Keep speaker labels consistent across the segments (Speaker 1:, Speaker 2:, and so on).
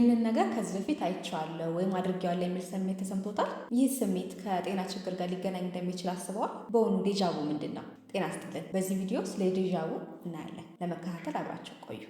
Speaker 1: ይህንን ነገር ከዚህ በፊት አይቼዋለሁ ወይም አድርጌዋለሁ የሚል ስሜት ተሰምቶታል። ይህ ስሜት ከጤና ችግር ጋር ሊገናኝ እንደሚችል አስበዋል? በእውኑ ዴጃቡ ምንድን ነው? ጤና ይስጥልን። በዚህ ቪዲዮ ስለ ዴዣቡ እናያለን። ለመከታተል አብራቸው ቆዩ።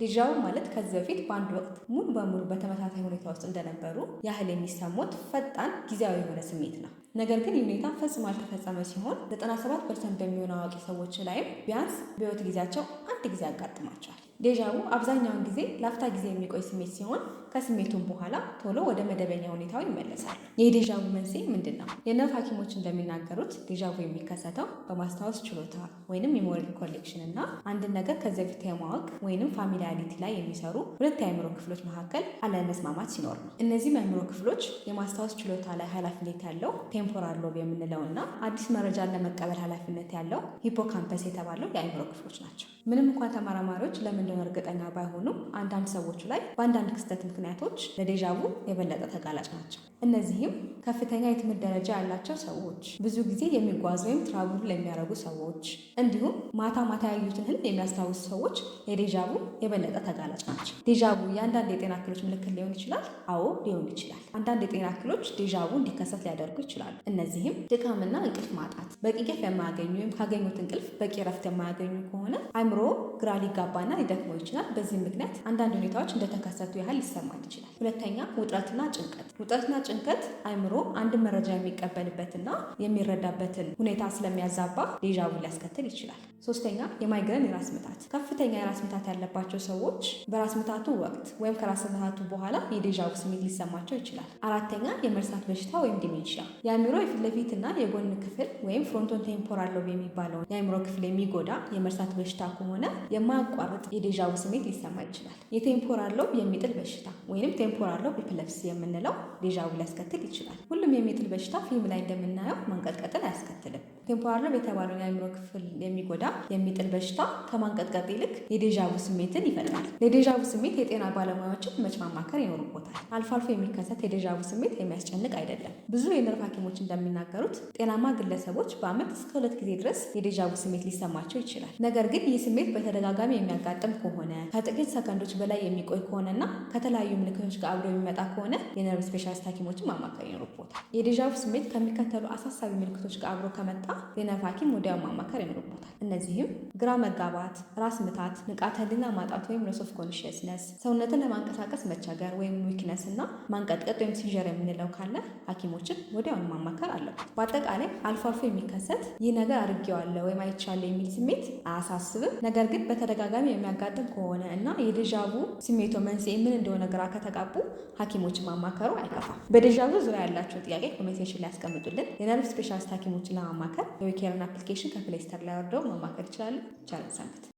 Speaker 1: ዴጃቡ ማለት ከዚህ በፊት በአንድ ወቅት ሙሉ በሙሉ በተመሳሳይ ሁኔታ ውስጥ እንደነበሩ ያህል የሚሰሙት ፈጣን ጊዜያዊ የሆነ ስሜት ነው። ነገር ግን ይህ ሁኔታ ፈጽሞ አልተፈጸመ ሲሆን 97 ፐርሰንት በሚሆን አዋቂ ሰዎች ላይም ቢያንስ በህይወት ጊዜያቸው አንድ ጊዜ ያጋጥማቸዋል። ዴዣቡ አብዛኛውን ጊዜ ላፍታ ጊዜ የሚቆይ ስሜት ሲሆን ከስሜቱን በኋላ ቶሎ ወደ መደበኛ ሁኔታው ይመለሳል። የዴዣቡ መንስኤ ምንድን ነው? የነርቭ ሐኪሞች እንደሚናገሩት ዴዣቡ የሚከሰተው በማስታወስ ችሎታ ወይንም ሜሞሪ ኮሌክሽን እና አንድን ነገር ከዚህ በፊት የማወቅ ወይንም ፋሚሊያሪቲ ላይ የሚሰሩ ሁለት የአእምሮ ክፍሎች መካከል አለመስማማት ሲኖር ነው። እነዚህ የአእምሮ ክፍሎች የማስታወስ ችሎታ ላይ ኃላፊነት ያለው ቴምፖራል ሎብ የምንለው እና አዲስ መረጃን ለመቀበል ኃላፊነት ያለው ሂፖካምፐስ የተባለው የአእምሮ ክፍሎች ናቸው። ምንም እንኳን ተመራማሪዎች ለምን የሚለውን እርግጠኛ ባይሆኑም አንዳንድ ሰዎች ላይ በአንዳንድ ክስተት ምክንያቶች ለዴዣቡ የበለጠ ተጋላጭ ናቸው። እነዚህም ከፍተኛ የትምህርት ደረጃ ያላቸው ሰዎች፣ ብዙ ጊዜ የሚጓዝ ወይም ትራቭል ለሚያደርጉ ሰዎች፣ እንዲሁም ማታ ማታ ያዩትን ህልም የሚያስታውሱ ሰዎች የዴዣቡ የበለጠ ተጋላጭ ናቸው። ዴዣቡ የአንዳንድ የጤና እክሎች ምልክት ሊሆን ይችላል። አዎ ሊሆን ይችላል። አንዳንድ የጤና እክሎች ዴዣቡ እንዲከሰት ሊያደርጉ ይችላሉ። እነዚህም ድካምና እንቅልፍ ማጣት፣ በቂ እንቅልፍ የማያገኙ ወይም ካገኙት እንቅልፍ በቂ የማያገኙ ከሆነ አይምሮ ግራ ሊጋባና ሊደክመው ይችላል። በዚህም ምክንያት አንዳንድ ሁኔታዎች እንደተከሰቱ ያህል ሊሰማን ይችላል። ሁለተኛ ውጥረትና ጭንቀት። ውጥረትና ጭንቀት አይምሮ አንድ መረጃ የሚቀበልበትና የሚረዳበትን ሁኔታ ስለሚያዛባ ዴዣቡ ሊያስከትል ይችላል። ሶስተኛ የማይግረን የራስ ምታት። ከፍተኛ የራስ ምታት ያለባቸው ሰዎች በራስ ምታቱ ወቅት ወይም ከራስ ምታቱ በኋላ የዴዣቡ ስሜት ሊሰማቸው ይችላል። አራተኛ የመርሳት በሽታ ወይም ዲሜንሽያ የአእምሮ የፊት ለፊትና የጎን ክፍል ወይም ፍሮንቶን ቴምፖራል ሎብ የሚባለውን የአእምሮ ክፍል የሚጎዳ የመርሳት በሽታ ከሆነ የማያቋርጥ የዴዣቡ ስሜት ሊሰማ ይችላል። የቴምፖራል ሎብ የሚጥል በሽታ ወይም ቴምፖራል ሎብ ኢፕለፕሲ የምንለው ዴዣቡ ሊያስከትል ይችላል። ሁሉም የሚጥል በሽታ ፊልም ላይ እንደምናየው መንቀጥቀጥን አያስከትልም። ቴምፖራለም የተባለውን የአእምሮ ክፍል የሚጎዳ የሚጥል በሽታ ከማንቀጥቀጥ ይልቅ የዴዣቡ ስሜትን ይፈጥራል። ለዴዣቡ ስሜት የጤና ባለሙያዎችን መች ማማከር ይኖርቦታል። አልፎ አልፎ የሚከሰት የዴዣቡ ስሜት የሚያስጨንቅ አይደለም። ብዙ የነርቭ ሐኪሞች እንደሚናገሩት ጤናማ ግለሰቦች በዓመት እስከ ሁለት ጊዜ ድረስ የዴዣቡ ስሜት ሊሰማቸው ይችላል። ነገር ግን ይህ ስሜት በተደጋጋሚ የሚያጋጥም ከሆነ ከጥቂት ሰከንዶች በላይ የሚቆይ ከሆነና ከተለያዩ ምልክቶች ጋር አብሮ የሚመጣ ከሆነ የነርቭ ስፔሻሊስት ሐኪሞችን ማማከር ይኖርቦታል። የዴዣቡ ስሜት ከሚከተሉ አሳሳቢ ምልክቶች ጋር አብሮ ከመጣ ዜነብ ሐኪም ወዲያው ማማከር ይኖርቦታል። እነዚህም ግራ መጋባት፣ ራስ ምታት፣ ንቃተ ህሊና ማጣት ወይም ሎስ ኦፍ ኮንሽስነስ፣ ሰውነትን ለማንቀሳቀስ መቸገር ወይም ዊክነስ እና ማንቀጥቀጥ ወይም ሲጀር የምንለው ካለ ሐኪሞችን ወዲያውን ማማከር አለበት። በአጠቃላይ አልፎ አልፎ የሚከሰት ይህ ነገር አድርጌዋለሁ ወይም አይቻለሁ የሚል ስሜት አያሳስብም። ነገር ግን በተደጋጋሚ የሚያጋጥም ከሆነ እና የደዣቡ ስሜቶ መንስኤ ምን እንደሆነ ግራ ከተጋቡ ሐኪሞችን ማማከሩ አይከፋም። በደዣቡ ዙሪያ ያላቸው ጥያቄ ኮሜንቴሽን ላይ ያስቀምጡልን። የነርቭ ስፔሻሊስት ሐኪሞችን ለማማከር የዊኬርን አፕሊኬሽን ከፕሌይ ስቶር ላይ ወርደው መማከር ይችላሉ። ቻለን ሰንብት።